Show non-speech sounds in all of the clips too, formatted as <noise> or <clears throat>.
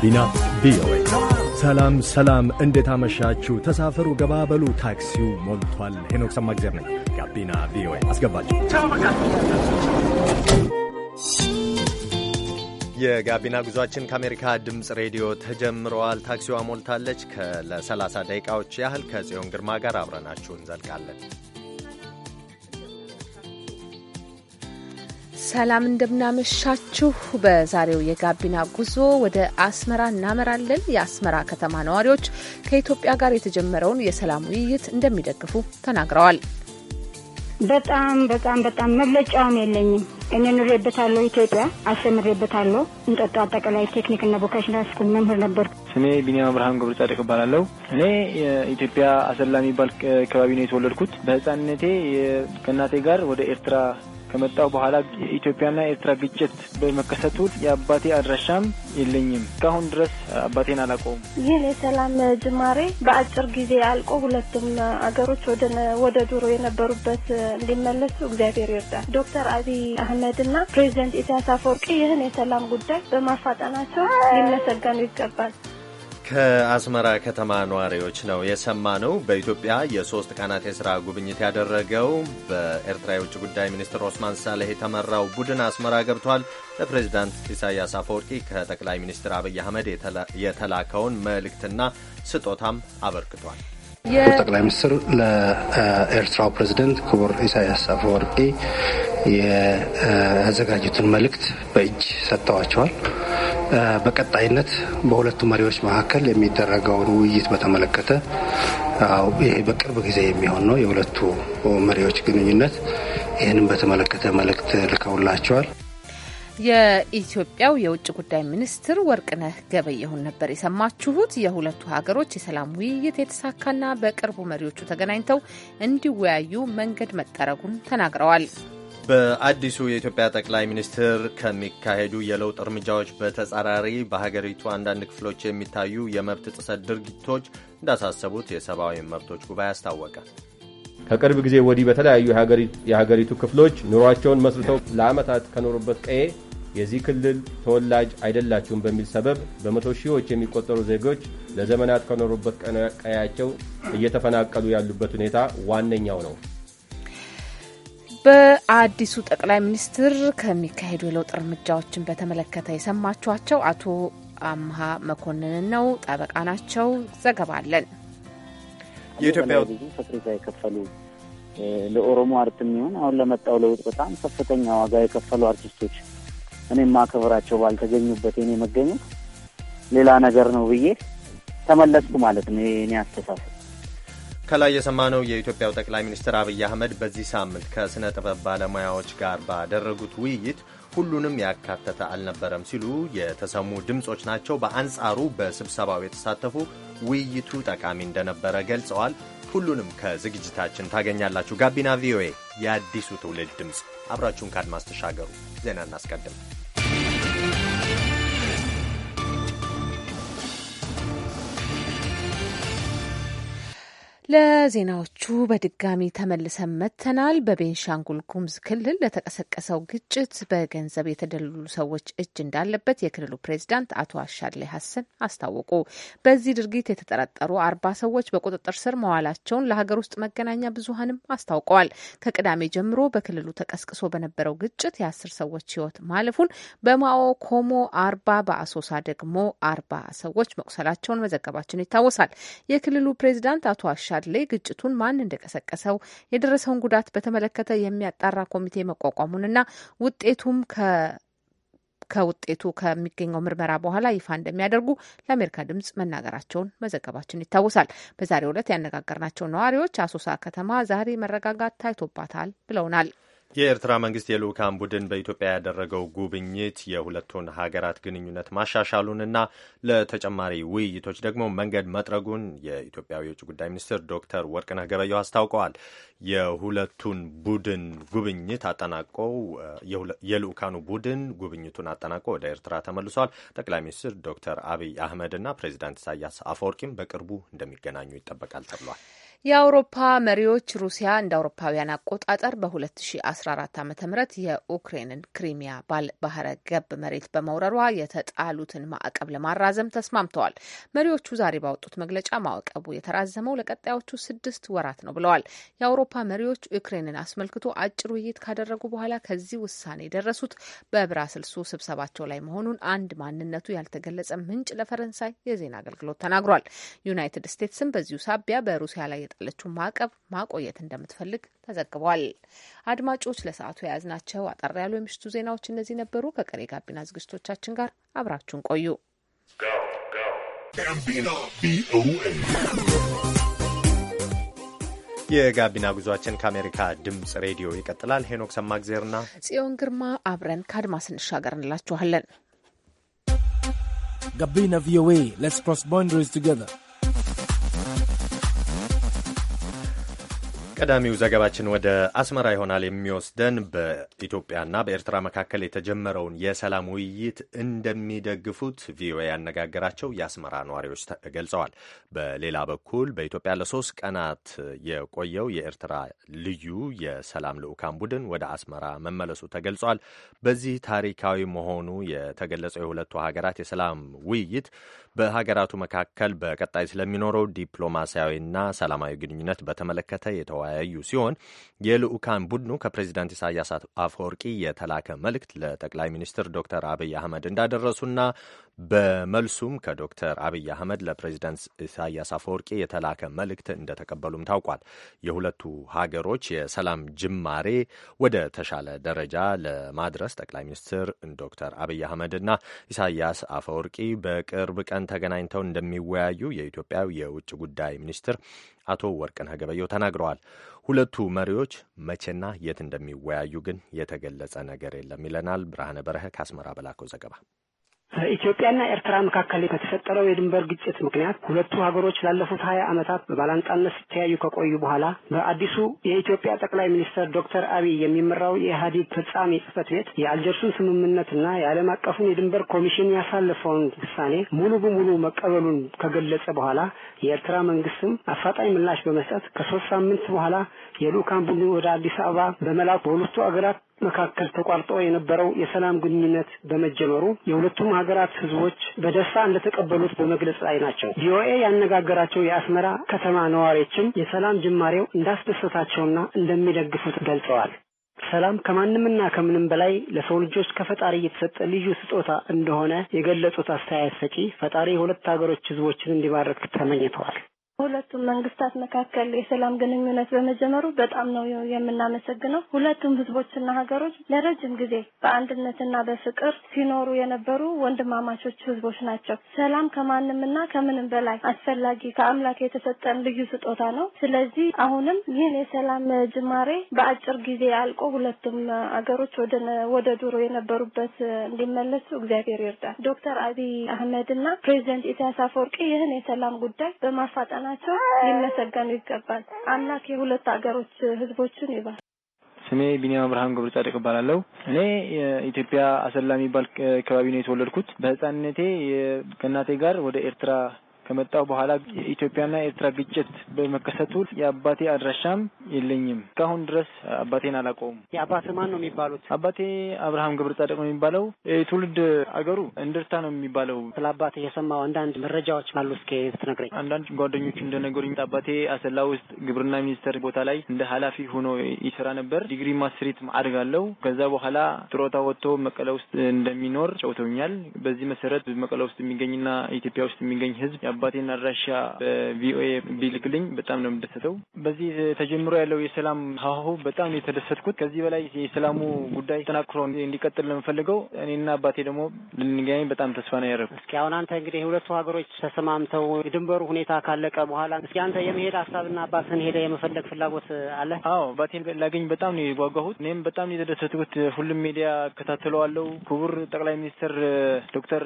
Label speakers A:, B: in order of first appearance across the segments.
A: ጋቢና ቪኦኤ። ሰላም ሰላም፣ እንዴት አመሻችሁ? ተሳፈሩ፣ ገባ በሉ፣ ታክሲው ሞልቷል። ሄኖክ ሰማግዜር ነኝ። ጋቢና ቪኦኤ አስገባችሁ። የጋቢና ጉዟችን ከአሜሪካ ድምፅ ሬዲዮ ተጀምረዋል። ታክሲዋ ሞልታለች። ለሰላሳ ደቂቃዎች ያህል ከጽዮን ግርማ ጋር አብረናችሁ እንዘልቃለን።
B: ሰላም እንደምናመሻችሁ። በዛሬው የጋቢና ጉዞ ወደ አስመራ እናመራለን። የአስመራ ከተማ ነዋሪዎች ከኢትዮጵያ ጋር የተጀመረውን የሰላም ውይይት እንደሚደግፉ ተናግረዋል። በጣም
C: በጣም በጣም መግለጫውም የለኝም። እኔ ኑሬበታለሁ፣ ኢትዮጵያ አስተምሬበታለሁ። እንጠጡ አጠቃላይ ቴክኒክና ቮኬሽናል ስኩል መምህር ነበር።
D: ስሜ ቢኒያም ብርሃን ገብረ ጻድቅ እባላለሁ። እኔ የኢትዮጵያ አሰላ የሚባል አካባቢ ነው የተወለድኩት። በህፃንነቴ ከእናቴ ጋር ወደ ኤርትራ ከመጣው በኋላ የኢትዮጵያና የኤርትራ ግጭት በመከሰቱ የአባቴ አድራሻም የለኝም። እስካሁን ድረስ አባቴን አላውቀውም።
E: ይህን የሰላም ጅማሬ በአጭር ጊዜ አልቆ ሁለቱም አገሮች ወደ ድሮ የነበሩበት እንዲመለሱ እግዚአብሔር ይርዳል። ዶክተር አብይ አህመድና ፕሬዚደንት ኢሳያስ አፈወርቂ ይህን የሰላም ጉዳይ በማፋጠናቸው ሊመሰገኑ ይገባል።
A: ከአስመራ ከተማ ነዋሪዎች ነው ነው። በኢትዮጵያ የሶስት ቀናት የስራ ጉብኝት ያደረገው በኤርትራ የውጭ ጉዳይ ሚኒስትር ኦስማን ሳሌህ የተመራው ቡድን አስመራ ገብቷል። ለፕሬዚዳንት ኢሳያስ አፈወርቂ ከጠቅላይ ሚኒስትር አብይ አህመድ የተላከውን መልእክትና ስጦታም አበርክቷል።
F: ጠቅላይ ሚኒስትር ለኤርትራው ፕሬዚደንት ክቡር ኢሳያስ አፈወርቂ ያዘጋጁትን መልእክት በእጅ ሰጥተዋቸዋል። በቀጣይነት በሁለቱ መሪዎች መካከል የሚደረገውን ውይይት በተመለከተ ይሄ በቅርብ ጊዜ የሚሆን ነው። የሁለቱ መሪዎች ግንኙነት ይህንም በተመለከተ መልእክት ልከውላቸዋል።
B: የኢትዮጵያው የውጭ ጉዳይ ሚኒስትር ወርቅነህ ገበየሁን ነበር የሰማችሁት። የሁለቱ ሀገሮች የሰላም ውይይት የተሳካና በቅርቡ መሪዎቹ ተገናኝተው እንዲወያዩ መንገድ መጠረጉን ተናግረዋል።
A: በአዲሱ የኢትዮጵያ ጠቅላይ ሚኒስትር ከሚካሄዱ የለውጥ እርምጃዎች በተጻራሪ በሀገሪቱ አንዳንድ ክፍሎች የሚታዩ የመብት ጥሰት ድርጊቶች እንዳሳሰቡት የሰብአዊ መብቶች ጉባኤ አስታወቀ።
G: ከቅርብ ጊዜ ወዲህ በተለያዩ የሀገሪቱ ክፍሎች ኑሯቸውን መስርተው ለዓመታት ከኖሩበት ቀዬ የዚህ ክልል ተወላጅ አይደላችሁም በሚል ሰበብ በመቶ ሺዎች የሚቆጠሩ ዜጎች ለዘመናት ከኖሩበት ቀያቸው እየተፈናቀሉ ያሉበት ሁኔታ ዋነኛው ነው።
B: በአዲሱ ጠቅላይ ሚኒስትር ከሚካሄዱ የለውጥ እርምጃዎችን በተመለከተ የሰማችኋቸው አቶ አምሃ መኮንንን ነው። ጠበቃ ናቸው። ዘገባ አለን።
H: የኢትዮጵያ ብዙ የከፈሉ ለኦሮሞ አርት የሚሆን አሁን ለመጣው ለውጥ በጣም ከፍተኛ ዋጋ የከፈሉ አርቲስቶች እኔ ማከብራቸው ባልተገኙበት የኔ መገኘት ሌላ ነገር ነው ብዬ ተመለስኩ ማለት ነው የኔ አስተሳሰብ።
A: ከላይ የሰማነው የኢትዮጵያው ጠቅላይ ሚኒስትር አብይ አህመድ በዚህ ሳምንት ከስነ ጥበብ ባለሙያዎች ጋር ባደረጉት ውይይት ሁሉንም ያካተተ አልነበረም ሲሉ የተሰሙ ድምፆች ናቸው። በአንጻሩ በስብሰባው የተሳተፉ ውይይቱ ጠቃሚ እንደነበረ ገልጸዋል። ሁሉንም ከዝግጅታችን ታገኛላችሁ። ጋቢና ቪኦኤ የአዲሱ ትውልድ ድምፅ፣ አብራችሁን ከአድማስ ተሻገሩ። ዜና እናስቀድም።
B: ለዜናዎቹ በድጋሚ ተመልሰን መጥተናል። በቤንሻንጉል ጉሙዝ ክልል ለተቀሰቀሰው ግጭት በገንዘብ የተደለሉ ሰዎች እጅ እንዳለበት የክልሉ ፕሬዚዳንት አቶ አሻሌ ሀሰን አስታወቁ። በዚህ ድርጊት የተጠረጠሩ አርባ ሰዎች በቁጥጥር ስር መዋላቸውን ለሀገር ውስጥ መገናኛ ብዙሀንም አስታውቀዋል። ከቅዳሜ ጀምሮ በክልሉ ተቀስቅሶ በነበረው ግጭት የአስር ሰዎች ህይወት ማለፉን በማኦ ኮሞ አርባ በአሶሳ ደግሞ አርባ ሰዎች መቁሰላቸውን መዘገባችን ይታወሳል። የክልሉ ፕሬዚዳንት አቶ አሻ ላይ ግጭቱን ማን እንደቀሰቀሰው የደረሰውን ጉዳት በተመለከተ የሚያጣራ ኮሚቴ መቋቋሙንና ውጤቱም ከውጤቱ ከሚገኘው ምርመራ በኋላ ይፋ እንደሚያደርጉ ለአሜሪካ ድምጽ መናገራቸውን መዘገባችን ይታወሳል። በዛሬው ዕለት ያነጋገርናቸው ነዋሪዎች አሶሳ ከተማ ዛሬ መረጋጋት ታይቶባታል ብለውናል።
A: የኤርትራ መንግስት የልኡካን ቡድን በኢትዮጵያ ያደረገው ጉብኝት የሁለቱን ሀገራት ግንኙነት ማሻሻሉንና ለተጨማሪ ውይይቶች ደግሞ መንገድ መጥረጉን የኢትዮጵያ የውጭ ጉዳይ ሚኒስትር ዶክተር ወርቅነህ ገበየሁ አስታውቀዋል። የሁለቱን ቡድን ጉብኝት አጠናቆ የልኡካኑ ቡድን ጉብኝቱን አጠናቆ ወደ ኤርትራ ተመልሷል። ጠቅላይ ሚኒስትር ዶክተር አብይ አህመድና ፕሬዚዳንት ኢሳያስ አፈወርቂም በቅርቡ እንደሚገናኙ ይጠበቃል ተብሏል።
B: የአውሮፓ መሪዎች ሩሲያ እንደ አውሮፓውያን አቆጣጠር በ2014 ዓ ም የዩክሬንን ክሪሚያ ባህረ ገብ መሬት በመውረሯ የተጣሉትን ማዕቀብ ለማራዘም ተስማምተዋል። መሪዎቹ ዛሬ ባወጡት መግለጫ ማዕቀቡ የተራዘመው ለቀጣዮቹ ስድስት ወራት ነው ብለዋል። የአውሮፓ መሪዎች ዩክሬንን አስመልክቶ አጭር ውይይት ካደረጉ በኋላ ከዚህ ውሳኔ የደረሱት በብራስልሱ ስብሰባቸው ላይ መሆኑን አንድ ማንነቱ ያልተገለጸ ምንጭ ለፈረንሳይ የዜና አገልግሎት ተናግሯል። ዩናይትድ ስቴትስም በዚሁ ሳቢያ በሩሲያ ላይ በተጣለችው ማዕቀብ ማቆየት እንደምትፈልግ ተዘግቧል። አድማጮች ለሰዓቱ የያዝናቸው አጠር ያሉ የምሽቱ ዜናዎች እነዚህ ነበሩ። ከቀሪ ጋቢና ዝግጅቶቻችን ጋር አብራችሁን ቆዩ።
A: የጋቢና ጉዟችን ከአሜሪካ ድምፅ ሬዲዮ ይቀጥላል። ሄኖክ ሰማግዜርና
B: ጽዮን ግርማ አብረን ከአድማስ እንሻገር እንላችኋለን።
A: ጋቢና
F: ቪኦኤ ሌትስ ክሮስ ባውንደሪስ ቱጌዘር
A: ቀዳሚው ዘገባችን ወደ አስመራ ይሆናል የሚወስደን በኢትዮጵያና በኤርትራ መካከል የተጀመረውን የሰላም ውይይት እንደሚደግፉት ቪኦኤ ያነጋገራቸው የአስመራ ነዋሪዎች ገልጸዋል። በሌላ በኩል በኢትዮጵያ ለሶስት ቀናት የቆየው የኤርትራ ልዩ የሰላም ልዑካን ቡድን ወደ አስመራ መመለሱ ተገልጿል። በዚህ ታሪካዊ መሆኑ የተገለጸው የሁለቱ ሀገራት የሰላም ውይይት በሀገራቱ መካከል በቀጣይ ስለሚኖረው ዲፕሎማሲያዊና ሰላማዊ ግንኙነት በተመለከተ የተወያዩ ሲሆን የልዑካን ቡድኑ ከፕሬዚዳንት ኢሳያስ አፈወርቂ የተላከ መልእክት ለጠቅላይ ሚኒስትር ዶክተር አብይ አህመድ እንዳደረሱና በመልሱም ከዶክተር አብይ አህመድ ለፕሬዚደንት ኢሳያስ አፈወርቂ የተላከ መልእክት እንደተቀበሉም ታውቋል። የሁለቱ ሀገሮች የሰላም ጅማሬ ወደ ተሻለ ደረጃ ለማድረስ ጠቅላይ ሚኒስትር ዶክተር አብይ አህመድና ኢሳያስ አፈወርቂ በቅርብ ቀን ተገናኝተው እንደሚወያዩ የኢትዮጵያው የውጭ ጉዳይ ሚኒስትር አቶ ወርቅነህ ገበየሁ ተናግረዋል። ሁለቱ መሪዎች መቼና የት እንደሚወያዩ ግን የተገለጸ ነገር የለም ይለናል ብርሃነ በረሀ ከአስመራ በላከው ዘገባ
I: በኢትዮጵያና ኤርትራ መካከል በተፈጠረው የድንበር ግጭት ምክንያት ሁለቱ ሀገሮች ላለፉት ሀያ ዓመታት በባላንጣነት ሲተያዩ ከቆዩ በኋላ በአዲሱ የኢትዮጵያ ጠቅላይ ሚኒስትር ዶክተር አብይ የሚመራው የኢህአዴግ ፈጻሚ ጽህፈት ቤት የአልጀርሱን ስምምነትና የዓለም አቀፉን የድንበር ኮሚሽን ያሳለፈውን ውሳኔ ሙሉ በሙሉ መቀበሉን ከገለጸ በኋላ የኤርትራ መንግስትም አፋጣኝ ምላሽ በመስጠት ከሶስት ሳምንት በኋላ የልኡካን ቡድን ወደ አዲስ አበባ በመላኩ በሁለቱ ሀገራት መካከል ተቋርጦ የነበረው የሰላም ግንኙነት በመጀመሩ የሁለቱም ሀገራት ህዝቦች በደስታ እንደተቀበሉት በመግለጽ ላይ ናቸው። ቪኦኤ ያነጋገራቸው የአስመራ ከተማ ነዋሪዎችም የሰላም ጅማሬው እንዳስደሰታቸውና እንደሚደግፉት ገልጸዋል። ሰላም ከማንምና ከምንም በላይ ለሰው ልጆች ከፈጣሪ የተሰጠ ልዩ ስጦታ እንደሆነ የገለጹት አስተያየት ሰጪ ፈጣሪ የሁለት ሀገሮች ህዝቦችን እንዲባረክ ተመኝተዋል።
E: ሁለቱም መንግስታት መካከል የሰላም ግንኙነት በመጀመሩ በጣም ነው የምናመሰግነው። ሁለቱም ህዝቦችና ሀገሮች ለረጅም ጊዜ በአንድነትና በፍቅር ሲኖሩ የነበሩ ወንድማማቾች ህዝቦች ናቸው። ሰላም ከማንምና ከምንም በላይ አስፈላጊ ከአምላክ የተሰጠን ልዩ ስጦታ ነው። ስለዚህ አሁንም ይህን የሰላም ጅማሬ በአጭር ጊዜ አልቆ ሁለቱም ሀገሮች ወደ ድሮ የነበሩበት እንዲመለሱ እግዚአብሔር ይርዳል። ዶክተር አብይ ና ፕሬዚደንት ኢሳያስ አፈወርቂ ይህን የሰላም ጉዳይ በማፋጠ ናቸው፣ ሊመሰገኑ ይገባል። አምላክ የሁለት ሀገሮች ህዝቦችን ይባል።
D: ስሜ ቢኒያም ብርሃን ገብረ ጻድቅ እባላለሁ። እኔ ኢትዮጵያ አሰላ የሚባል አካባቢ ነው የተወለድኩት። በህፃንነቴ ከእናቴ ጋር ወደ ኤርትራ ከመጣው በኋላ የኢትዮጵያና ኤርትራ ግጭት በመከሰቱ የአባቴ አድራሻም የለኝም። እስካሁን ድረስ አባቴን አላውቀውም። የአባት ማን ነው የሚባሉት? አባቴ አብርሃም ገብረ ጻድቅ ነው የሚባለው። ትውልድ አገሩ እንድርታ ነው የሚባለው። ስለ አባቴ የሰማው አንዳንድ መረጃዎች አሉ፣ እስኪ ትነግረኝ። አንዳንድ ጓደኞች እንደነገሩኝ አባቴ አሰላ ውስጥ ግብርና ሚኒስቴር ቦታ ላይ እንደ ኃላፊ ሆኖ ይሰራ ነበር። ዲግሪ ማስሪት ማዕረግ አለው። ከዛ በኋላ ጥሮታ ወጥቶ መቀለ ውስጥ እንደሚኖር ጨውተውኛል። በዚህ መሰረት መቀለ ውስጥ የሚገኝና ኢትዮጵያ ውስጥ የሚገኝ ህዝብ አባቴና አድራሻ በቪኦኤ ቢልክልኝ በጣም ነው የምደሰተው። በዚህ ተጀምሮ ያለው የሰላም ሀሁ በጣም ነው የተደሰትኩት። ከዚህ በላይ የሰላሙ ጉዳይ ተጠናክሮ እንዲቀጥል ነው የምፈልገው። እኔና አባቴ ደግሞ ልንገናኝ በጣም ተስፋ ነው ያደረኩት። እስኪ አሁን አንተ እንግዲህ የሁለቱ ሀገሮች ተስማምተው የድንበሩ ሁኔታ ካለቀ በኋላ እስኪ
I: አንተ የመሄድ ሀሳብና አባትን ሄደ
D: የመፈለግ ፍላጎት አለ? አዎ አባቴን ላገኝ በጣም ነው የጓጓሁት። እኔም በጣም ነው የተደሰትኩት። ሁሉም ሚዲያ እከታተለዋለሁ። ክቡር ጠቅላይ ሚኒስትር ዶክተር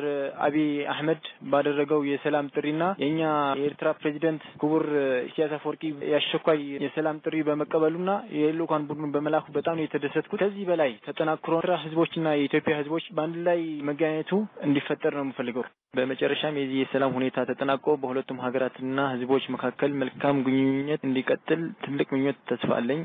D: አብይ አህመድ ባደረገው የሰላም ጥሪና ና የእኛ የኤርትራ ፕሬዚደንት ክቡር ኢሳያስ አፈወርቂ የአስቸኳይ የሰላም ጥሪ በመቀበሉና የልኡካን ቡድኑን በመላኩ በጣም ነው የተደሰትኩት። ከዚህ በላይ ተጠናክሮ ኤርትራ ህዝቦችና የኢትዮጵያ ህዝቦች በአንድ ላይ መገናኘቱ እንዲፈጠር ነው የምፈልገው። በመጨረሻም የዚህ የሰላም ሁኔታ ተጠናቆ በሁለቱም ሀገራትና ህዝቦች መካከል መልካም ግንኙነት እንዲቀጥል ትልቅ ምኞት ተስፋ አለኝ።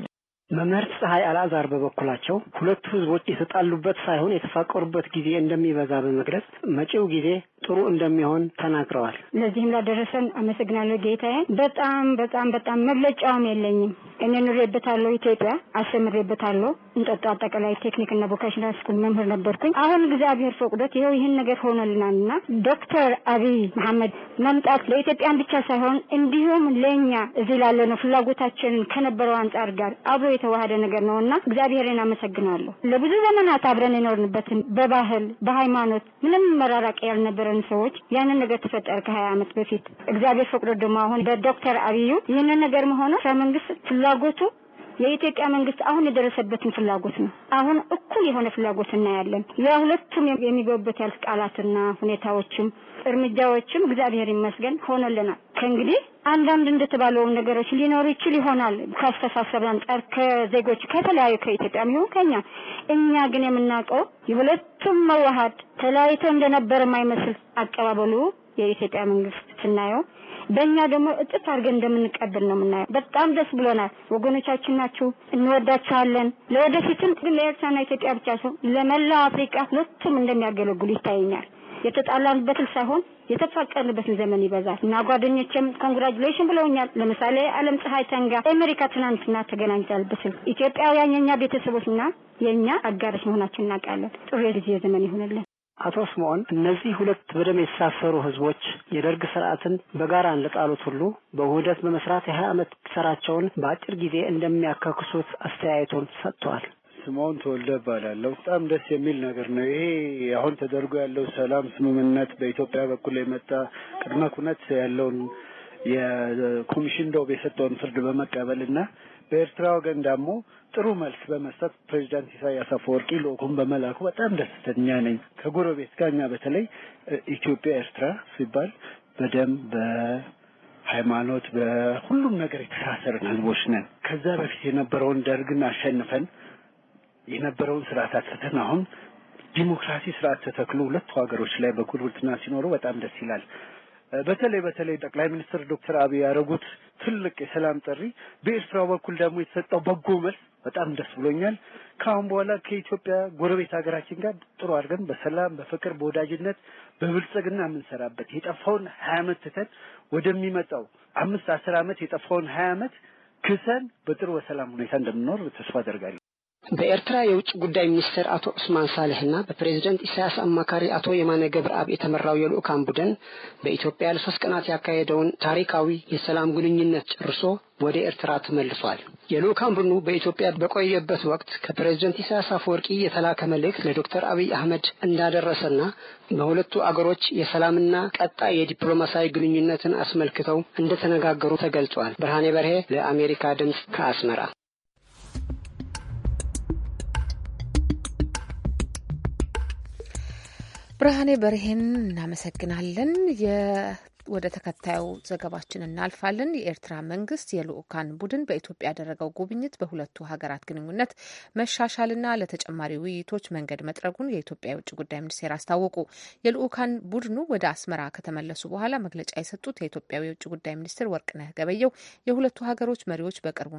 I: መምህርት ፀሐይ አልአዛር በበኩላቸው ሁለቱ ህዝቦች የተጣሉበት ሳይሆን የተፋቀሩበት ጊዜ እንደሚበዛ በመግለጽ መጪው ጊዜ ጥሩ እንደሚሆን ተናግረዋል።
C: ለዚህም ላደረሰን አመሰግናለሁ ጌታዬ። በጣም በጣም በጣም መግለጫውም የለኝም። እኔ ኑሬበታለሁ፣ ኢትዮጵያ አስተምሬበታለሁ። እንጠጡ አጠቃላይ ቴክኒክና ቮካሽናል ስኩል መምህር ነበርኩኝ። አሁን እግዚአብሔር ፈቅዶት ይኸው ይህን ነገር ሆኖልናል እና ዶክተር አብይ መሐመድ መምጣት ለኢትዮጵያን ብቻ ሳይሆን እንዲሁም ለእኛ እዚህ ላለነው ፍላጎታችንን ከነበረው አንጻር ጋር አብሮ የተዋሃደ ነገር ነው እና እግዚአብሔርን አመሰግናለሁ። ለብዙ ዘመናት አብረን የኖርንበትን በባህል በሃይማኖት ምንም መራራቅ ያልነበረን ሰዎች ያንን ነገር ተፈጠረ ከሀያ ዓመት በፊት እግዚአብሔር ፈቅዶ ደግሞ አሁን በዶክተር አብዩ ይህንን ነገር መሆኑ ከመንግስት ፍላጎቱ የኢትዮጵያ መንግስት አሁን የደረሰበትን ፍላጎት ነው። አሁን እኩል የሆነ ፍላጎት እናያለን። የሁለቱም የሚገቡበት ያሉት ቃላትና ሁኔታዎችም እርምጃዎችም እግዚአብሔር ይመስገን ሆኖልናል። ከእንግዲህ አንዳንድ እንደተባለውም ነገሮች ሊኖሩ ይችል ይሆናል ከአስተሳሰብ አንጻር ከዜጎች ከተለያዩ ከኢትዮጵያ ይሁን ከኛ እኛ ግን የምናውቀው የሁለቱም መዋሃድ ተለያይቶ እንደነበር የማይመስል አቀባበሉ የኢትዮጵያ መንግስት ስናየው በእኛ ደግሞ እጥፍ አድርገን እንደምንቀበል ነው የምናየው። በጣም ደስ ብሎናል። ወገኖቻችን ናችሁ፣ እንወዳችኋለን። ለወደፊትም ለኤርትራና ኢትዮጵያ ብቻ ሰው ለመላው አፍሪቃ ሁለቱም እንደሚያገለግሉ ይታየኛል። የተጣላንበትን ሳይሆን የተፋቀርንበትን ዘመን ይበዛል እና ጓደኞቼም ኮንግራጁሌሽን ብለውኛል። ለምሳሌ አለም ፀሐይ ተንጋ አሜሪካ ትናንትና ተገናኝታለች። ኢትዮጵያውያን የኛ ቤተሰቦችና የኛ አጋሮች መሆናችን እናውቃለን። ጥሩ የጊዜ ዘመን ይሆንልን። አቶ ስምዖን እነዚህ
I: ሁለት በደም የተሳሰሩ ህዝቦች የደርግ ስርዓትን በጋራ እንደጣሉት ሁሉ በውህደት በመስራት የሀያ ዓመት ስራቸውን በአጭር ጊዜ እንደሚያካክሱት አስተያየቱን ሰጥተዋል።
J: ስምዖን ተወልደ እባላለሁ። በጣም ደስ የሚል ነገር ነው ይሄ አሁን ተደርጎ ያለው ሰላም ስምምነት በኢትዮጵያ በኩል የመጣ ቅድመ ኩነት ያለውን የኮሚሽን ዶብ የሰጠውን ፍርድ በመቀበል እና በኤርትራ ወገን ደግሞ ጥሩ መልስ በመስጠት ፕሬዚዳንት ኢሳያስ አፈወርቂ ልኡኩን በመላኩ በጣም ደስተኛ ነኝ። ከጎረቤት ጋር እኛ በተለይ ኢትዮጵያ ኤርትራ ሲባል በደም በሃይማኖት በሁሉም ነገር የተሳሰርን ህዝቦች ነን። ከዛ በፊት የነበረውን ደርግን አሸንፈን የነበረውን ስርዓት አጥፍተን አሁን ዲሞክራሲ ስርዓት ተተክሎ ሁለቱ ሀገሮች ላይ በጉርብትና ሲኖሩ በጣም ደስ ይላል። በተለይ በተለይ ጠቅላይ ሚኒስትር ዶክተር አብይ ያደረጉት ትልቅ የሰላም ጥሪ፣ በኤርትራ በኩል ደግሞ የተሰጠው በጎ መልስ በጣም ደስ ብሎኛል። ከአሁን በኋላ ከኢትዮጵያ ጎረቤት ሀገራችን ጋር ጥሩ አድርገን በሰላም በፍቅር፣ በወዳጅነት፣ በብልጽግና የምንሰራበት የጠፋውን ሀያ አመት ትተን ወደሚመጣው አምስት አስር አመት የጠፋውን ሀያ አመት ክሰን በጥሩ በሰላም ሁኔታ እንደምንኖር ተስፋ አደርጋለሁ።
I: በኤርትራ የውጭ ጉዳይ ሚኒስትር አቶ ዑስማን ሳልህና በፕሬዝደንት ኢሳያስ አማካሪ አቶ የማነ ገብረአብ የተመራው የልዑካን ቡድን በኢትዮጵያ ለሶስት ቀናት ያካሄደውን ታሪካዊ የሰላም ግንኙነት ጨርሶ ወደ ኤርትራ ተመልሷል። የልኡካን ቡድኑ በኢትዮጵያ በቆየበት ወቅት ከፕሬዝደንት ኢሳያስ አፈወርቂ የተላከ መልእክት ለዶክተር አብይ አህመድ እንዳደረሰና በሁለቱ አገሮች የሰላምና ቀጣይ የዲፕሎማሲያዊ ግንኙነትን አስመልክተው እንደተነጋገሩ ተገልጿል። ብርሃኔ በርሄ ለአሜሪካ ድምፅ ከአስመራ
B: ብርሃኔ በርሄን እናመሰግናለን። ወደ ተከታዩ ዘገባችን እናልፋለን። የኤርትራ መንግስት የልኡካን ቡድን በኢትዮጵያ ያደረገው ጉብኝት በሁለቱ ሀገራት ግንኙነት መሻሻልና ለተጨማሪ ውይይቶች መንገድ መጥረጉን የኢትዮጵያ የውጭ ጉዳይ ሚኒስቴር አስታወቁ። የልኡካን ቡድኑ ወደ አስመራ ከተመለሱ በኋላ መግለጫ የሰጡት የኢትዮጵያ የውጭ ጉዳይ ሚኒስትር ወርቅነህ ገበየው የሁለቱ ሀገሮች መሪዎች በቅርቡ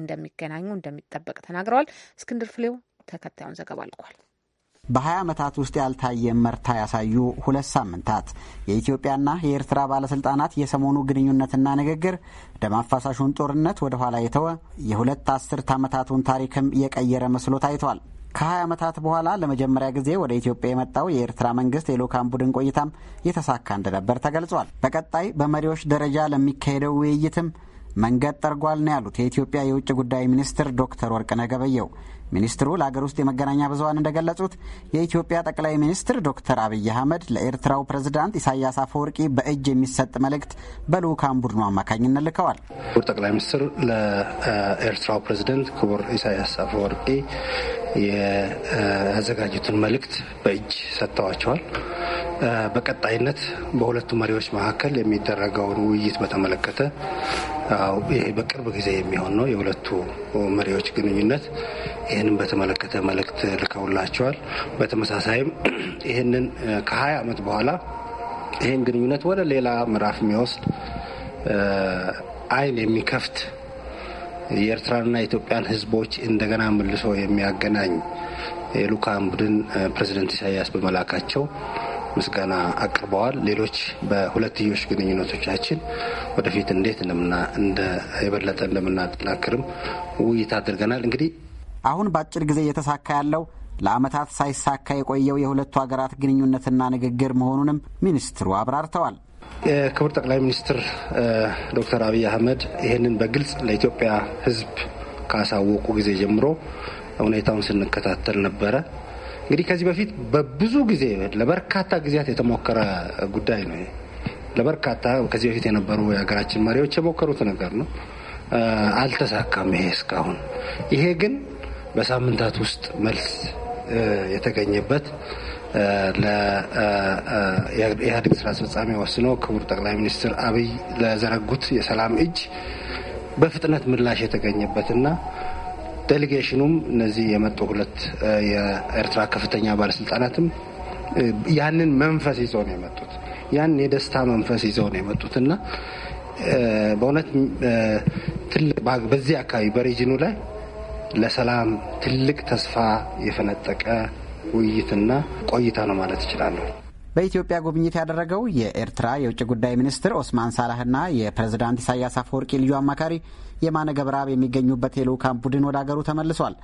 B: እንደሚገናኙ እንደሚጠበቅ ተናግረዋል። እስክንድር ፍሌው ተከታዩን ዘገባ አልኳል።
K: በ20 ዓመታት ውስጥ ያልታየ መርታ ያሳዩ ሁለት ሳምንታት የኢትዮጵያና የኤርትራ ባለስልጣናት የሰሞኑ ግንኙነትና ንግግር ደም አፋሳሹን ጦርነት ወደ ኋላ የተወ የሁለት አስርት ዓመታቱን ታሪክም የቀየረ መስሎ ታይቷል። ከ20 ዓመታት በኋላ ለመጀመሪያ ጊዜ ወደ ኢትዮጵያ የመጣው የኤርትራ መንግስት የልዑካን ቡድን ቆይታም የተሳካ እንደነበር ተገልጿል። በቀጣይ በመሪዎች ደረጃ ለሚካሄደው ውይይትም መንገድ ጠርጓል ነው ያሉት የኢትዮጵያ የውጭ ጉዳይ ሚኒስትር ዶክተር ወርቅነህ ገበየሁ። ሚኒስትሩ ለአገር ውስጥ የመገናኛ ብዙሀን እንደገለጹት የኢትዮጵያ ጠቅላይ ሚኒስትር ዶክተር አብይ አህመድ ለኤርትራው ፕሬዝዳንት ኢሳያስ አፈወርቂ በእጅ የሚሰጥ መልእክት በልኡካን ቡድኑ አማካኝነት ልከዋል።
F: ክቡር ጠቅላይ ሚኒስትር ለኤርትራው ፕሬዝደንት ክቡር ኢሳያስ አፈወርቂ ያዘጋጁትን መልእክት በእጅ ሰጥተዋቸዋል። በቀጣይነት በሁለቱ መሪዎች መካከል የሚደረገውን ውይይት በተመለከተ ይሄ በቅርብ ጊዜ የሚሆን ነው። የሁለቱ መሪዎች ግንኙነት ይህንን በተመለከተ መልእክት ልከውላቸዋል። በተመሳሳይም <clears throat> ይህንን ከሀያ ዓመት በኋላ ይህን ግንኙነት ወደ ሌላ ምዕራፍ የሚወስድ አይን የሚከፍት የኤርትራና የኢትዮጵያን ህዝቦች እንደገና መልሶ የሚያገናኝ የሉካን ቡድን ፕሬዚደንት ኢሳያስ በመላካቸው ምስጋና አቅርበዋል። ሌሎች በሁለትዮሽ ግንኙነቶቻችን ወደፊት እንዴት የበለጠ እንደምናጠናክርም ውይይት አድርገናል። እንግዲህ
K: አሁን በአጭር ጊዜ እየተሳካ ያለው ለአመታት ሳይሳካ የቆየው የሁለቱ ሀገራት ግንኙነትና ንግግር መሆኑንም ሚኒስትሩ አብራርተዋል።
F: የክቡር ጠቅላይ ሚኒስትር ዶክተር አብይ አህመድ ይህንን በግልጽ ለኢትዮጵያ ሕዝብ ካሳወቁ ጊዜ ጀምሮ ሁኔታውን ስንከታተል ነበረ። እንግዲህ ከዚህ በፊት በብዙ ጊዜ ለበርካታ ጊዜያት የተሞከረ ጉዳይ ነው። ለበርካታ ከዚህ በፊት የነበሩ የሀገራችን መሪዎች የሞከሩት ነገር ነው። አልተሳካም። ይሄ እስካሁን ይሄ ግን በሳምንታት ውስጥ መልስ የተገኘበት ለኢህአዴግ ስራ አስፈጻሚ ወስኖ ክቡር ጠቅላይ ሚኒስትር አብይ ለዘረጉት የሰላም እጅ በፍጥነት ምላሽ የተገኘበትና ዴሊጌሽኑም እነዚህ የመጡ ሁለት የኤርትራ ከፍተኛ ባለስልጣናትም ያንን መንፈስ ይዘው ነው የመጡት። ያን የደስታ መንፈስ ይዘው ነው የመጡት እና በእውነት ትልቅ በዚህ አካባቢ በሪጅኑ ላይ ለሰላም ትልቅ ተስፋ የፈነጠቀ ውይይትና ቆይታ ነው ማለት እችላለሁ።
K: በኢትዮጵያ ጉብኝት ያደረገው የኤርትራ የውጭ ጉዳይ ሚኒስትር ኦስማን ሳላህና የፕሬዝዳንት ኢሳያስ አፈወርቂ ልዩ አማካሪ የማነ ገብረአብ የሚገኙበት የልዑካን ቡድን ወደ አገሩ ተመልሷል።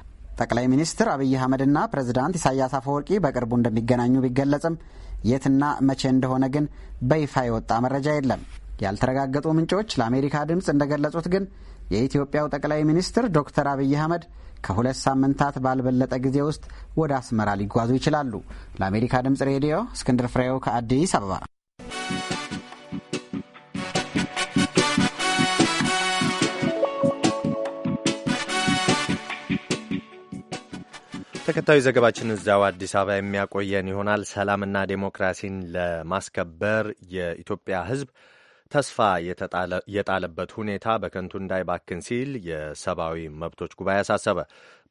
K: ጠቅላይ ሚኒስትር አብይ አህመድና ፕሬዝዳንት ኢሳያስ አፈወርቂ በቅርቡ እንደሚገናኙ ቢገለጽም የትና መቼ እንደሆነ ግን በይፋ የወጣ መረጃ የለም። ያልተረጋገጡ ምንጮች ለአሜሪካ ድምፅ እንደገለጹት ግን የኢትዮጵያው ጠቅላይ ሚኒስትር ዶክተር አብይ አህመድ ከሁለት ሳምንታት ባልበለጠ ጊዜ ውስጥ ወደ አስመራ ሊጓዙ ይችላሉ። ለአሜሪካ ድምፅ ሬዲዮ እስክንድር ፍሬው ከአዲስ አበባ።
A: ተከታዩ ዘገባችን እዚያው አዲስ አበባ የሚያቆየን ይሆናል። ሰላምና ዴሞክራሲን ለማስከበር የኢትዮጵያ ሕዝብ ተስፋ የጣለበት ሁኔታ በከንቱ እንዳይባክን ሲል የሰብአዊ መብቶች ጉባኤ አሳሰበ።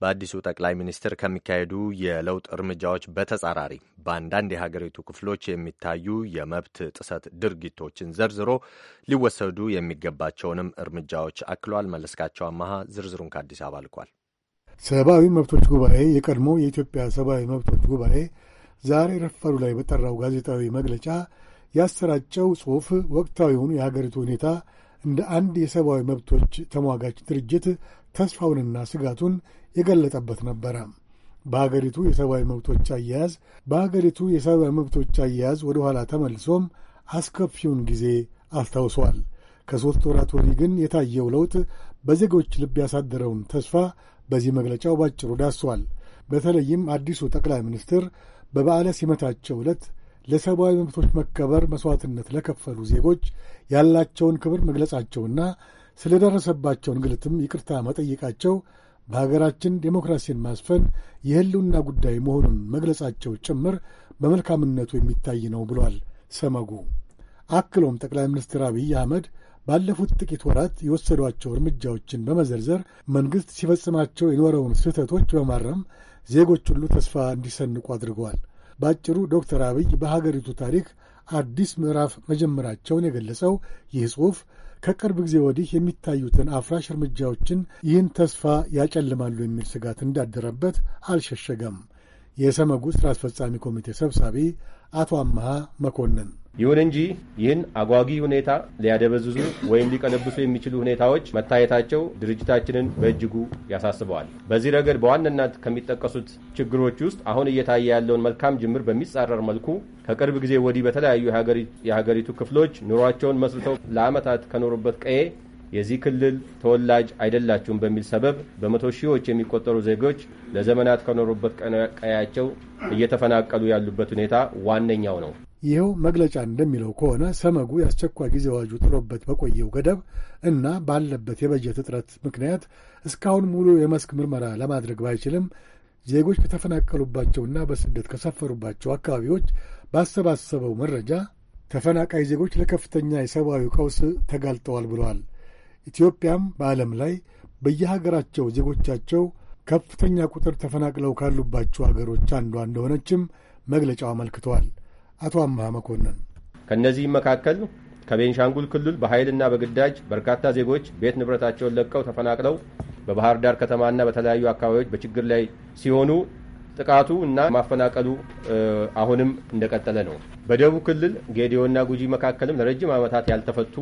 A: በአዲሱ ጠቅላይ ሚኒስትር ከሚካሄዱ የለውጥ እርምጃዎች በተጻራሪ በአንዳንድ የሀገሪቱ ክፍሎች የሚታዩ የመብት ጥሰት ድርጊቶችን ዘርዝሮ ሊወሰዱ የሚገባቸውንም እርምጃዎች አክሏል። መለስካቸው አማሃ ዝርዝሩን ከአዲስ አበባ ልኳል።
L: ሰብአዊ መብቶች ጉባኤ የቀድሞ የኢትዮጵያ ሰብአዊ መብቶች ጉባኤ ዛሬ ረፈሩ ላይ በጠራው ጋዜጣዊ መግለጫ ያሰራጨው ጽሑፍ ወቅታዊ የሆኑ የሀገሪቱ ሁኔታ እንደ አንድ የሰብአዊ መብቶች ተሟጋች ድርጅት ተስፋውንና ስጋቱን የገለጠበት ነበረ። በሀገሪቱ የሰብአዊ መብቶች አያያዝ በሀገሪቱ የሰብአዊ መብቶች አያያዝ ወደ ኋላ ተመልሶም አስከፊውን ጊዜ አስታውሷል። ከሦስት ወራት ወዲህ ግን የታየው ለውጥ በዜጎች ልብ ያሳደረውን ተስፋ በዚህ መግለጫው ባጭሩ ዳሷል። በተለይም አዲሱ ጠቅላይ ሚኒስትር በበዓለ ሲመታቸው ዕለት ለሰብአዊ መብቶች መከበር መሥዋዕትነት ለከፈሉ ዜጎች ያላቸውን ክብር መግለጻቸውና ስለደረሰባቸው እንግልትም ይቅርታ መጠየቃቸው በሀገራችን ዴሞክራሲን ማስፈን የህልውና ጉዳይ መሆኑን መግለጻቸው ጭምር በመልካምነቱ የሚታይ ነው ብሏል ሰመጉ። አክሎም ጠቅላይ ሚኒስትር አብይ አህመድ ባለፉት ጥቂት ወራት የወሰዷቸው እርምጃዎችን በመዘርዘር መንግሥት ሲፈጽማቸው የኖረውን ስህተቶች በማረም ዜጎች ሁሉ ተስፋ እንዲሰንቁ አድርገዋል። በአጭሩ ዶክተር አብይ በሀገሪቱ ታሪክ አዲስ ምዕራፍ መጀመራቸውን የገለጸው ይህ ጽሑፍ ከቅርብ ጊዜ ወዲህ የሚታዩትን አፍራሽ እርምጃዎችን ይህን ተስፋ ያጨልማሉ የሚል ስጋት እንዳደረበት አልሸሸገም። የሰመጉ ሥራ አስፈጻሚ ኮሚቴ ሰብሳቢ አቶ አመሃ መኮንን
G: ይሁን እንጂ ይህን አጓጊ ሁኔታ ሊያደበዝዙ ወይም ሊቀለብሱ የሚችሉ ሁኔታዎች መታየታቸው ድርጅታችንን በእጅጉ ያሳስበዋል። በዚህ ረገድ በዋናነት ከሚጠቀሱት ችግሮች ውስጥ አሁን እየታየ ያለውን መልካም ጅምር በሚጻረር መልኩ ከቅርብ ጊዜ ወዲህ በተለያዩ የሀገሪቱ ክፍሎች ኑሯቸውን መስርተው ለዓመታት ከኖሩበት ቀዬ የዚህ ክልል ተወላጅ አይደላችሁም በሚል ሰበብ በመቶ ሺዎች የሚቆጠሩ ዜጎች ለዘመናት ከኖሩበት ቀያቸው እየተፈናቀሉ ያሉበት ሁኔታ ዋነኛው ነው።
L: ይኸው መግለጫ እንደሚለው ከሆነ ሰመጉ የአስቸኳይ ጊዜ አዋጁ ጥሎበት በቆየው ገደብ እና ባለበት የበጀት እጥረት ምክንያት እስካሁን ሙሉ የመስክ ምርመራ ለማድረግ ባይችልም ዜጎች ከተፈናቀሉባቸውና በስደት ከሰፈሩባቸው አካባቢዎች ባሰባሰበው መረጃ ተፈናቃይ ዜጎች ለከፍተኛ የሰብአዊ ቀውስ ተጋልጠዋል ብለዋል። ኢትዮጵያም በዓለም ላይ በየሀገራቸው ዜጎቻቸው ከፍተኛ ቁጥር ተፈናቅለው ካሉባቸው አገሮች አንዷ እንደሆነችም መግለጫው አመልክተዋል። አቶ አምሃ መኮንን።
G: ከእነዚህም መካከል ከቤንሻንጉል ክልል በኃይልና በግዳጅ በርካታ ዜጎች ቤት ንብረታቸውን ለቀው ተፈናቅለው በባህር ዳር ከተማና በተለያዩ አካባቢዎች በችግር ላይ ሲሆኑ ጥቃቱ እና ማፈናቀሉ አሁንም እንደቀጠለ ነው። በደቡብ ክልል ጌዲዮና ጉጂ መካከልም ለረጅም ዓመታት ያልተፈቱ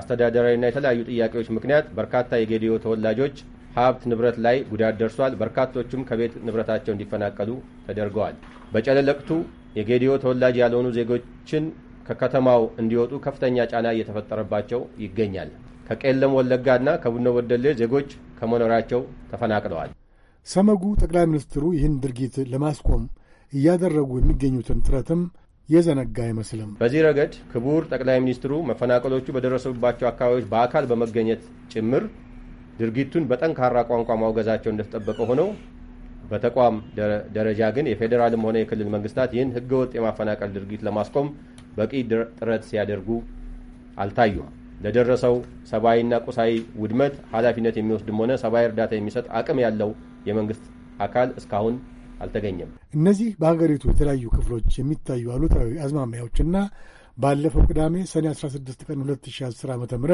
G: አስተዳደራዊና የተለያዩ ጥያቄዎች ምክንያት በርካታ የጌዲዮ ተወላጆች ሀብት ንብረት ላይ ጉዳት ደርሷል። በርካቶችም ከቤት ንብረታቸው እንዲፈናቀሉ ተደርገዋል። በጨለለቅቱ የጌዲዮ ተወላጅ ያልሆኑ ዜጎችን ከከተማው እንዲወጡ ከፍተኛ ጫና እየተፈጠረባቸው ይገኛል። ከቄለም ወለጋና ከቡኖ ወደሌ ዜጎች ከመኖሪያቸው ተፈናቅለዋል።
L: ሰመጉ ጠቅላይ ሚኒስትሩ ይህን ድርጊት ለማስቆም እያደረጉ የሚገኙትን ጥረትም የዘነጋ አይመስልም።
G: በዚህ ረገድ ክቡር ጠቅላይ ሚኒስትሩ መፈናቀሎቹ በደረሱባቸው አካባቢዎች በአካል በመገኘት ጭምር ድርጊቱን በጠንካራ ቋንቋ ማውገዛቸው እንደተጠበቀ ሆነው በተቋም ደረጃ ግን የፌዴራልም ሆነ የክልል መንግስታት ይህን ህገወጥ የማፈናቀል ድርጊት ለማስቆም በቂ ጥረት ሲያደርጉ አልታዩም። ለደረሰው ሰብአዊና ቁሳዊ ውድመት ኃላፊነት የሚወስድም ሆነ ሰብአዊ እርዳታ የሚሰጥ አቅም ያለው የመንግስት አካል እስካሁን አልተገኘም።
L: እነዚህ በሀገሪቱ የተለያዩ ክፍሎች የሚታዩ አሉታዊ አዝማሚያዎችና ባለፈው ቅዳሜ ሰኔ 16 ቀን 2010 ዓ ም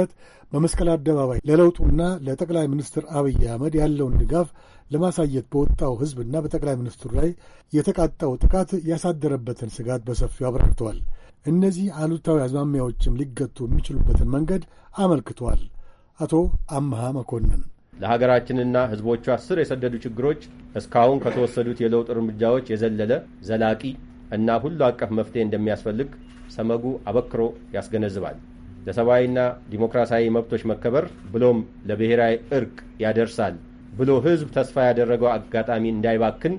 L: በመስቀል አደባባይ ለለውጡና ለጠቅላይ ሚኒስትር አብይ አህመድ ያለውን ድጋፍ ለማሳየት በወጣው ሕዝብና በጠቅላይ ሚኒስትሩ ላይ የተቃጣው ጥቃት ያሳደረበትን ስጋት በሰፊው አብራርተዋል። እነዚህ አሉታዊ አዝማሚያዎችም ሊገቱ የሚችሉበትን መንገድ አመልክቷል። አቶ አምሃ መኮንን
G: ለሀገራችንና ሕዝቦቿ ስር የሰደዱ ችግሮች እስካሁን ከተወሰዱት የለውጥ እርምጃዎች የዘለለ ዘላቂ እና ሁሉ አቀፍ መፍትሄ እንደሚያስፈልግ ሰመጉ አበክሮ ያስገነዝባል። ለሰብአዊና ዲሞክራሲያዊ መብቶች መከበር ብሎም ለብሔራዊ እርቅ ያደርሳል ብሎ ህዝብ ተስፋ ያደረገው አጋጣሚ እንዳይባክን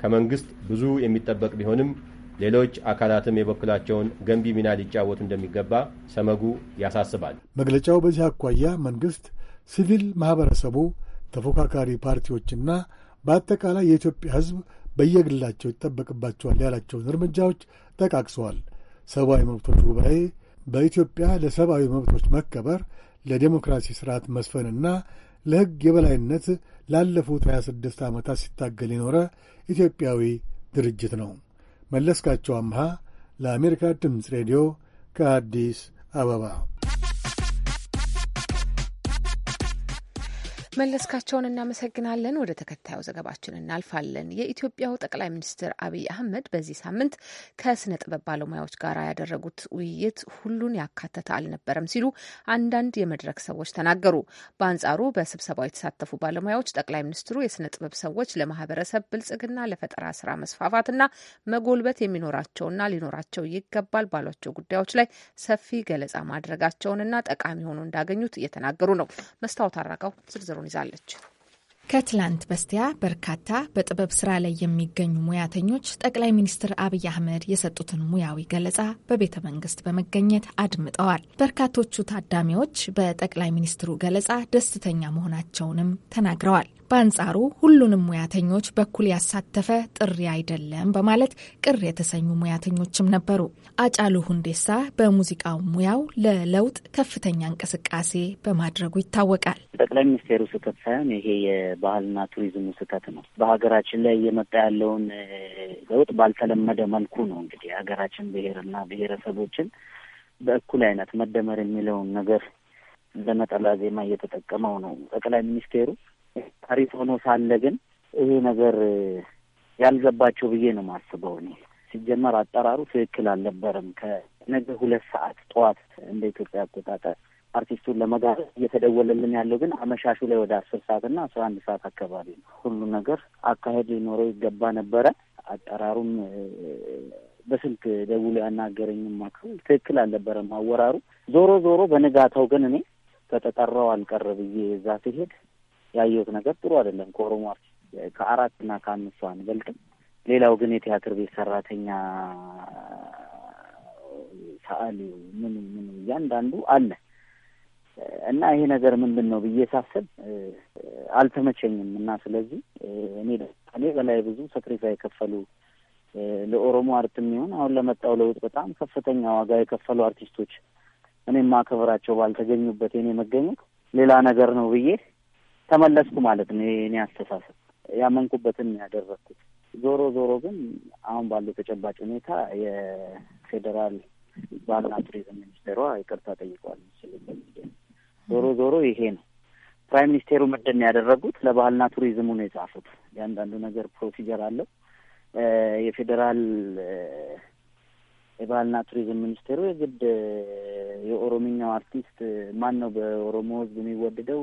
G: ከመንግስት ብዙ የሚጠበቅ ቢሆንም ሌሎች አካላትም የበኩላቸውን ገንቢ ሚና ሊጫወቱ እንደሚገባ ሰመጉ ያሳስባል።
L: መግለጫው በዚህ አኳያ መንግስት፣ ሲቪል ማህበረሰቡ፣ ተፎካካሪ ፓርቲዎችና በአጠቃላይ የኢትዮጵያ ህዝብ በየግላቸው ይጠበቅባቸዋል ያላቸውን እርምጃዎች ጠቃቅሰዋል። ሰብአዊ መብቶች ጉባኤ በኢትዮጵያ ለሰብአዊ መብቶች መከበር ለዴሞክራሲ ስርዓት መስፈንና ለሕግ የበላይነት ላለፉት 26 ዓመታት ሲታገል የኖረ ኢትዮጵያዊ ድርጅት ነው። መለስካቸው አምሃ ለአሜሪካ ድምፅ ሬዲዮ ከአዲስ አበባ
B: መለስካቸውን እናመሰግናለን። ወደ ተከታዩ ዘገባችን እናልፋለን። የኢትዮጵያው ጠቅላይ ሚኒስትር አብይ አህመድ በዚህ ሳምንት ከስነ ጥበብ ባለሙያዎች ጋር ያደረጉት ውይይት ሁሉን ያካተተ አልነበረም ሲሉ አንዳንድ የመድረክ ሰዎች ተናገሩ። በአንጻሩ በስብሰባው የተሳተፉ ባለሙያዎች ጠቅላይ ሚኒስትሩ የስነ ጥበብ ሰዎች ለማህበረሰብ ብልጽግና፣ ለፈጠራ ስራ መስፋፋትና መጎልበት የሚኖራቸውና ሊኖራቸው ይገባል ባሏቸው ጉዳዮች ላይ ሰፊ ገለጻ ማድረጋቸውንና ጠቃሚ ሆኖ እንዳገኙት እየተናገሩ ነው። መስታወት አራጋው ዝርዝሩ ፕሮግራም ይዛለች።
M: ከትላንት በስቲያ በርካታ በጥበብ ስራ ላይ የሚገኙ ሙያተኞች ጠቅላይ ሚኒስትር አብይ አህመድ የሰጡትን ሙያዊ ገለጻ በቤተ መንግስት በመገኘት አድምጠዋል። በርካቶቹ ታዳሚዎች በጠቅላይ ሚኒስትሩ ገለጻ ደስተኛ መሆናቸውንም ተናግረዋል። በአንጻሩ ሁሉንም ሙያተኞች በኩል ያሳተፈ ጥሪ አይደለም በማለት ቅር የተሰኙ ሙያተኞችም ነበሩ። አጫሉ ሁንዴሳ በሙዚቃው ሙያው ለለውጥ ከፍተኛ እንቅስቃሴ በማድረጉ ይታወቃል።
H: ጠቅላይ ሚኒስቴሩ ስህተት ሳይሆን ይሄ የባህልና ቱሪዝሙ ስህተት ነው። በሀገራችን ላይ እየመጣ ያለውን ለውጥ ባልተለመደ መልኩ ነው እንግዲህ የሀገራችን ብሔርና ብሔረሰቦችን በእኩል አይነት መደመር የሚለውን ነገር ለነጠላ ዜማ እየተጠቀመው ነው ጠቅላይ ሚኒስቴሩ ታሪፍ ሆኖ ሳለ ግን ይሄ ነገር ያልገባቸው ብዬ ነው የማስበው እኔ። ሲጀመር አጠራሩ ትክክል አልነበረም። ከነገ ሁለት ሰዓት ጠዋት እንደ ኢትዮጵያ አቆጣጠር አርቲስቱን ለመጋር እየተደወለልን ያለው ግን አመሻሹ ላይ ወደ አስር ሰዓት እና አስራ አንድ ሰዓት አካባቢ ነው። ሁሉ ነገር አካሄድ ሊኖረው ይገባ ነበረ። አጠራሩም በስልክ ደውሎ ያናገረኝም አካል ትክክል አልነበረም አወራሩ። ዞሮ ዞሮ በንጋታው ግን እኔ ከተጠራው አልቀረ ብዬ እዛ ሲሄድ ያየሁት ነገር ጥሩ አይደለም። ከኦሮሞ አርቲስት ከአራት እና ከአምስቱ አንበልጥም። ሌላው ግን የቲያትር ቤት ሰራተኛ ሰዓሊው ምን ምን እያንዳንዱ አለ እና ይሄ ነገር ምንድን ነው ብዬ ሳስብ አልተመቸኝም። እና ስለዚህ እኔ እኔ በላይ ብዙ ሰክሪፋ የከፈሉ ለኦሮሞ አርት የሚሆን አሁን ለመጣው ለውጥ በጣም ከፍተኛ ዋጋ የከፈሉ አርቲስቶች እኔ ማከብራቸው ባልተገኙበት የኔ መገኘት ሌላ ነገር ነው ብዬ ተመለስኩ ማለት ነው። የእኔ አስተሳሰብ ያመንኩበትን ያደረግኩት። ዞሮ ዞሮ ግን አሁን ባለው ተጨባጭ ሁኔታ የፌዴራል ባህልና ቱሪዝም ሚኒስቴሯ ይቅርታ ጠይቀዋል። ዞሮ ዞሮ ይሄ ነው። ፕራይም ሚኒስቴሩ ምንድን ያደረጉት? ለባህልና ቱሪዝሙ ነው የጻፉት። የአንዳንዱ ነገር ፕሮሲጀር አለው። የፌዴራል የባህልና ቱሪዝም ሚኒስቴሩ የግድ የኦሮምኛው አርቲስት ማን ነው በኦሮሞ ህዝብ የሚወደደው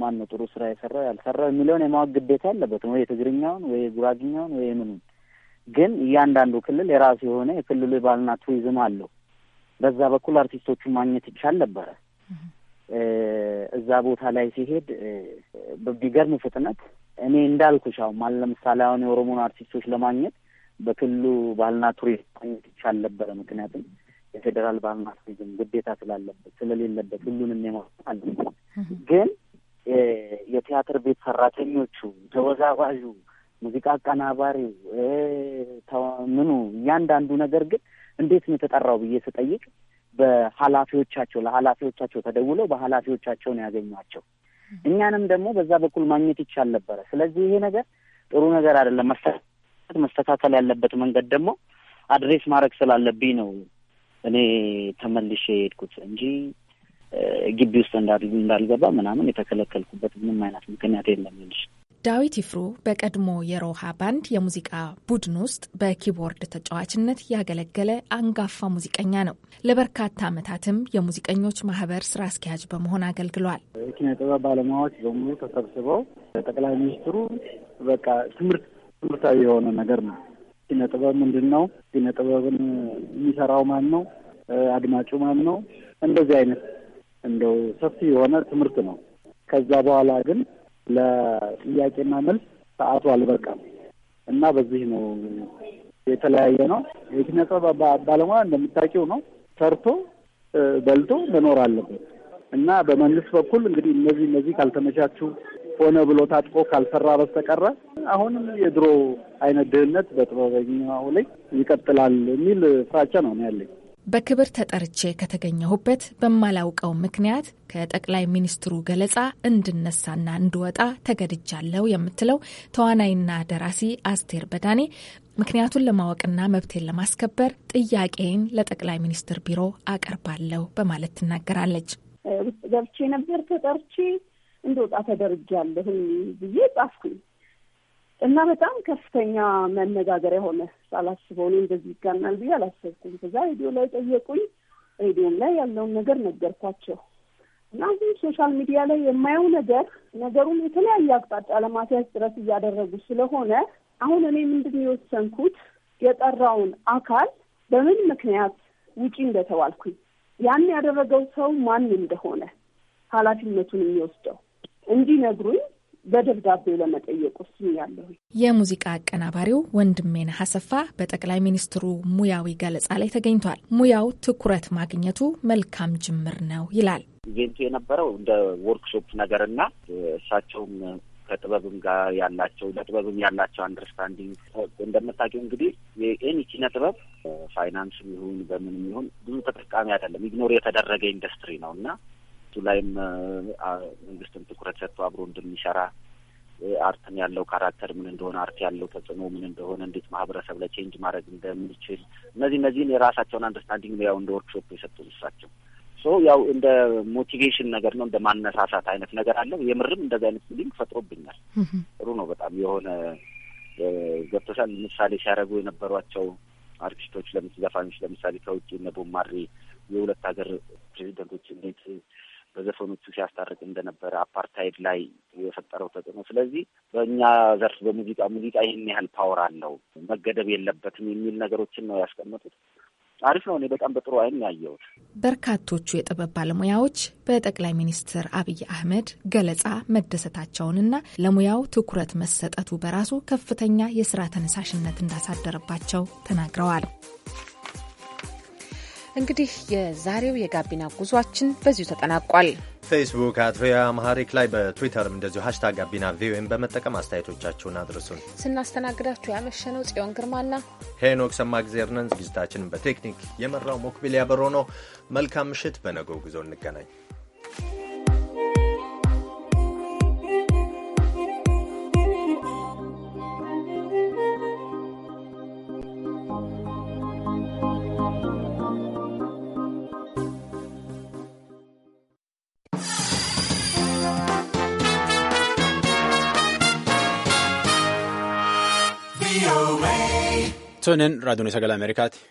H: ማን ነው ጥሩ ስራ የሰራው ያልሰራው የሚለውን የማወቅ ግዴታ ያለበትም ወይ የትግርኛውን ወይ የጉራግኛውን ወይ ምኑን። ግን እያንዳንዱ ክልል የራሱ የሆነ የክልሉ የባህልና ቱሪዝም አለው። በዛ በኩል አርቲስቶቹን ማግኘት ይቻል ነበረ። እዛ ቦታ ላይ ሲሄድ በሚገርም ፍጥነት እኔ እንዳልኩሽ አሁን ማለት ለምሳሌ አሁን የኦሮሞን አርቲስቶች ለማግኘት በክልሉ ባህልና ቱሪዝም ማግኘት ይቻል ነበረ። ምክንያቱም የፌዴራል ባርና ግዴታ ስላለበት ስለሌለበት ሁሉንም የማለ ግን የቲያትር ቤት ሰራተኞቹ፣ ተወዛዋዡ፣ ሙዚቃ አቀናባሪው፣ ምኑ እያንዳንዱ ነገር ግን እንዴት ነው የተጠራው ብዬ ስጠይቅ በኃላፊዎቻቸው ለኃላፊዎቻቸው ተደውለው በኃላፊዎቻቸው ነው ያገኟቸው። እኛንም ደግሞ በዛ በኩል ማግኘት ይቻል ነበረ። ስለዚህ ይሄ ነገር ጥሩ ነገር አይደለም። መስተካከል ያለበት መንገድ ደግሞ አድሬስ ማድረግ ስላለብኝ ነው እኔ ተመልሼ የሄድኩት እንጂ ግቢ ውስጥ እንዳልገባ ምናምን የተከለከልኩበት ምንም አይነት ምክንያት የለም። ልሽ
M: ዳዊት ይፍሩ በቀድሞ የሮሃ ባንድ የሙዚቃ ቡድን ውስጥ በኪቦርድ ተጫዋችነት ያገለገለ አንጋፋ ሙዚቀኛ ነው። ለበርካታ ዓመታትም የሙዚቀኞች ማህበር ስራ አስኪያጅ በመሆን አገልግሏል።
N: የኪነ ጥበብ ባለሙያዎች በሙሉ ተሰብስበው ጠቅላይ ሚኒስትሩ በቃ ትምህርት ትምህርታዊ የሆነ ነገር ነው ኪነ ጥበብ ምንድን ነው? ኪነ ጥበብን የሚሰራው ማን ነው? አድማጩ ማን ነው? እንደዚህ አይነት እንደው ሰፊ የሆነ ትምህርት ነው። ከዛ በኋላ ግን ለጥያቄና መልስ ሰዓቱ አልበቃም እና በዚህ ነው የተለያየ ነው። የኪነ ጥበብ ባለሙያ እንደምታውቂው ነው ሰርቶ በልቶ መኖር አለበት እና በመንግስት በኩል እንግዲህ እነዚህ እነዚህ ካልተመቻቹ ሆነ ብሎ ታጥቆ ካልሰራ በስተቀረ አሁንም የድሮ አይነት ድህነት በጥበበኛው ላይ ይቀጥላል የሚል ፍራቻ ነው ያለኝ።
M: በክብር ተጠርቼ ከተገኘሁበት በማላውቀው ምክንያት ከጠቅላይ ሚኒስትሩ ገለጻ እንድነሳና እንድወጣ ተገድጃለሁ የምትለው ተዋናይና ደራሲ አስቴር በዳኔ ምክንያቱን ለማወቅና መብቴን ለማስከበር ጥያቄን ለጠቅላይ ሚኒስትር ቢሮ አቀርባለሁ በማለት ትናገራለች።
C: ውስጥ ገብቼ ነበር
H: ተጠርቼ እንደወጣ ተደርጃለሁኝ ብዬ ጻፍኩኝ እና በጣም ከፍተኛ መነጋገሪያ ሆነ። ሳላስበው እኔ እንደዚህ ይጋናል ብዬ አላሰብኩም። ከዛ ሬዲዮ ላይ ጠየቁኝ። ሬዲዮም ላይ ያለውን ነገር ነገርኳቸው እና እዚህ ሶሻል ሚዲያ ላይ የማየው ነገር ነገሩን የተለያየ አቅጣጫ ለማስያዝ ጥረት እያደረጉ ስለሆነ አሁን እኔ ምንድን የወሰንኩት የጠራውን አካል በምን ምክንያት ውጪ እንደተባልኩኝ ያን ያደረገው ሰው ማን እንደሆነ ኃላፊነቱን የሚወስደው እንዲነግሩኝ በደብዳቤ ለመጠየቅ ወስኛለሁ።
M: የሙዚቃ አቀናባሪው ወንድሜን አሰፋ በጠቅላይ ሚኒስትሩ ሙያዊ ገለጻ ላይ ተገኝቷል። ሙያው ትኩረት ማግኘቱ መልካም ጅምር ነው
N: ይላል። ኢቬንቱ የነበረው እንደ ወርክሾፕ ነገርና እሳቸውም ከጥበብም ጋር ያላቸው ለጥበብም ያላቸው አንደርስታንዲንግ እንደምታውቂው እንግዲህ የኤኒ ኪነ ጥበብ ፋይናንስም ይሁን በምንም ይሁን ብዙ ተጠቃሚ አይደለም። ኢግኖር የተደረገ ኢንዱስትሪ ነው እና ላይም መንግስትም ትኩረት ሰጥቶ አብሮ እንደሚሰራ አርትም ያለው ካራክተር ምን እንደሆነ አርት ያለው ተጽዕኖ ምን እንደሆነ እንዴት ማህበረሰብ ላይ ቼንጅ ማድረግ እንደምንችል እነዚህ እነዚህን የራሳቸውን አንደርስታንዲንግ ያው እንደ ወርክሾፕ የሰጡን እሳቸው ሶ ያው እንደ ሞቲቬሽን ነገር ነው እንደ ማነሳሳት አይነት ነገር አለው። የምርም እንደዚ አይነት ፊሊንግ ፈጥሮብኛል። ጥሩ ነው በጣም የሆነ ገብቶሻል። ምሳሌ ሲያደርጉ የነበሯቸው አርቲስቶች፣ ዘፋኞች ለምሳሌ ከውጭ እነ ቦብ የሁለት ሀገር ፕሬዚደንቶች እንዴት በዘፈኖቹ ሲያስታርቅ እንደነበረ አፓርታይድ ላይ የፈጠረው ተጽዕኖ። ስለዚህ በእኛ ዘርፍ በሙዚቃ ሙዚቃ ይህን ያህል ፓወር አለው መገደብ የለበትም የሚል ነገሮችን ነው ያስቀመጡት። አሪፍ ነው። እኔ በጣም በጥሩ አይን ያየሁት።
M: በርካቶቹ የጥበብ ባለሙያዎች በጠቅላይ ሚኒስትር አብይ አህመድ ገለጻ መደሰታቸውንና ለሙያው ትኩረት መሰጠቱ በራሱ ከፍተኛ የስራ ተነሳሽነት እንዳሳደረባቸው ተናግረዋል። እንግዲህ
B: የዛሬው የጋቢና ጉዟችን በዚሁ ተጠናቋል።
A: ፌስቡክ አት ቪኦኤ ላይ በትዊተርም እንደዚሁ ሀሽታግ ጋቢና ቪኦኤን በመጠቀም አስተያየቶቻችሁን አድርሱን።
B: ስናስተናግዳችሁ ያመሸነው ጽዮን ግርማና
A: ሄኖክ ሰማእግዜር ነን። ዝግጅታችንን በቴክኒክ የመራው ሞክቢል ያበሮ ነው። መልካም ምሽት። በነገው ጉዞ እንገናኝ።
D: Tosonin raadiyoon sagalee Ameerikaati.